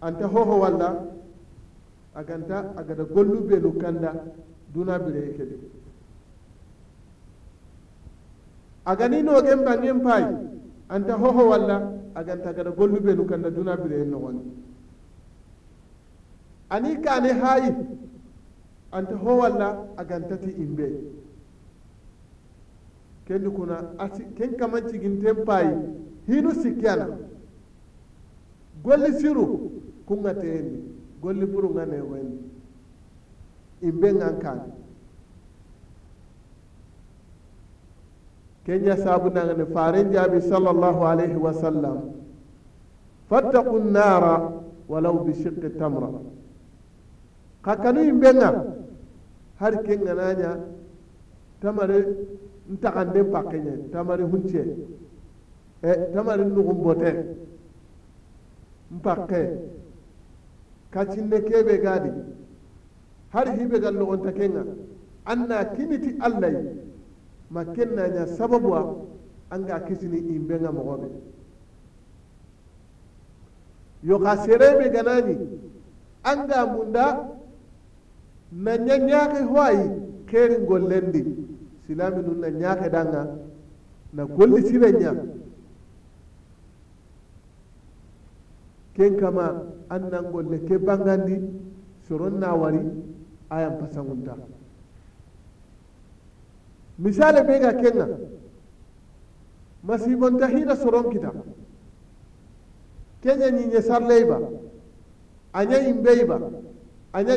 anta hoho walla aganta agada belu kanda duna bireye kedi agani nogen bangen pay anta hoho walla aganta agada belu kanda duna bire nogoni ani kane hayi anta ho walla agantati imbe kendi kuna asi ken kaman ciginten payi hinu sikke golli siru kunga teeni golli buru nga neewendi imbe nga kaani kenya nga ne farin jabi sallallahu alaihi wa sallam fattaqu walau bi bishiqi tamra kakanu imbe nga hari ke nganaña tamari ntaxanden pakkeñe tamari hunce e tamare eh, nuxumbote mpake. kacinne kebe gadi har hibe gal nogonta kenga anna kiniti makin ma ya sababuwa an in kisini imbenga mawabe Yau ka serebe ganani ga munda na yaki hoayi kerin gollendi silami nun na ñaake danga na golli sirenña ken kama an nan golle ke bangandi soron na wari ayan pasangunta misali be ga kenga masibonta hina soron kita kenya anya sarleyba aña yimbeyba aña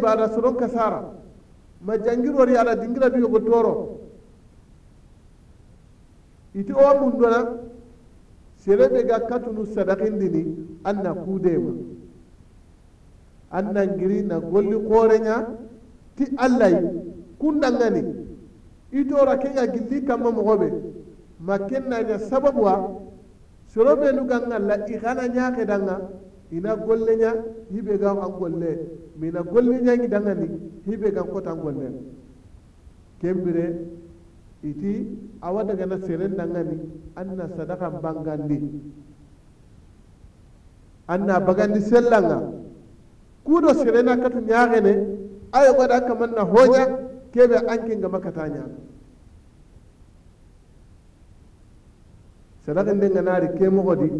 ba ada soron kasara ma jangirori ala dingira duyogo toro iti o mundona serebe ga katunu sadakindini an na kudema an nan giri na golli korenya ti allayi kundangani itora kenya gilli kamma mogobe ma kennanya sababuwa nu ganga la igana danga ina nya hibe ga an golle mina golleñangi dangani hibe ga kotan golle kembere iti awa dagana seren dangani anna sadakan bangandi anna bagandi sellanga kudo serena katu ñaxene aye goda kamanna hoña keɓe ankenga makata ñana sadaka ndenganari ke moxodi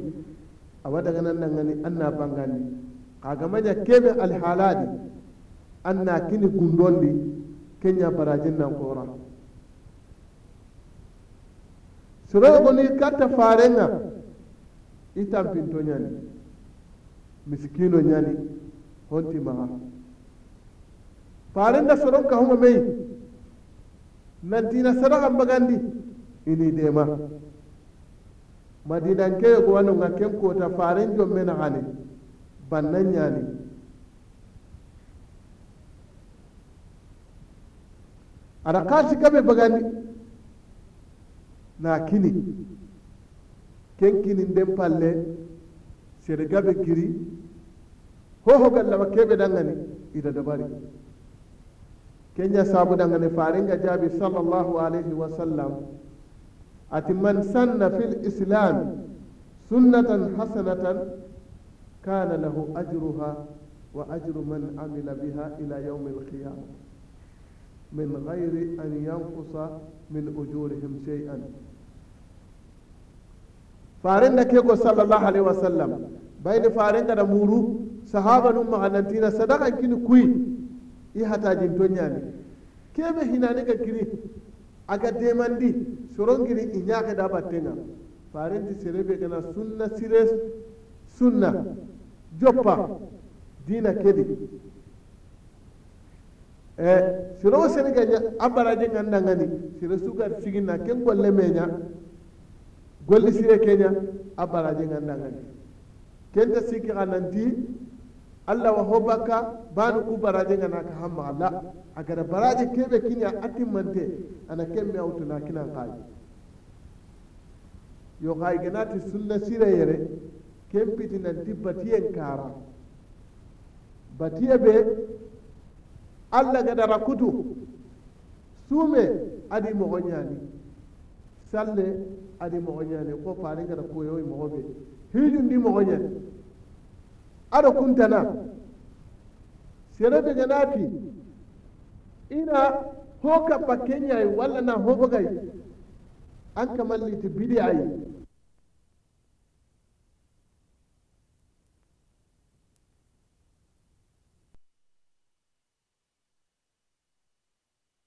awa dagana dangani anna bangandi xagamaña keɓe alhaladi na kini gundondi kenya barajin nan kora. soro goni katta farenga i tampinto ñani miskino ñani honti maxa farenga soron kahuma meyi nantina sadaxa mbagandi ini dema madinankeyo gowanonga ken kota faren jomme naxani banna ñani ada kasi kabe bagandi na kini ken kini nden palle sede gabe giri hohogal lawa keɓe ɗangani ida dabari kenya sabu ɗangani faringa jaabi sallllahu alayhi wa sallam ati man sanna fi lislami sunnatan hasanatan kana lahu ajruha wa ajru man amila biha ila yaumi alqiyama min ghairi an yankusa min ujurihim shay'an farin da ke ko sallallahu alaihi wasallam bai da farin da muru sahaba nun mahanantina sadaka kini kui i hata jinto nyami kebe hinani ka kiri aga demandi soron kiri inyaka da battenga farin ti serebe kana sunna sires sunna joppa dina kedi Eh, siro wo sene ga a baraje ngandangani sire sugar siginna ken golle meña golli sire keña a baraje ngandangani kenta sikki xa nanti allah wa ho ba banu ku baraje ngana ka hammaxa Allah a gara baraje keɓe kiña a timmante ana auto awtuna kinan xaaji yo xaay ganati sunna sire yere ken piti nanti batiyen kara batiye be allah gada kutu sume adi mogo ñaani salle adi mogo ñaani ko faare gada koyoy mogo ɓe hiijundi mogo ñaani ado kuntana serede ganati ina hoka kappa keñayi walla na hobogay an kamalliti bidi ayi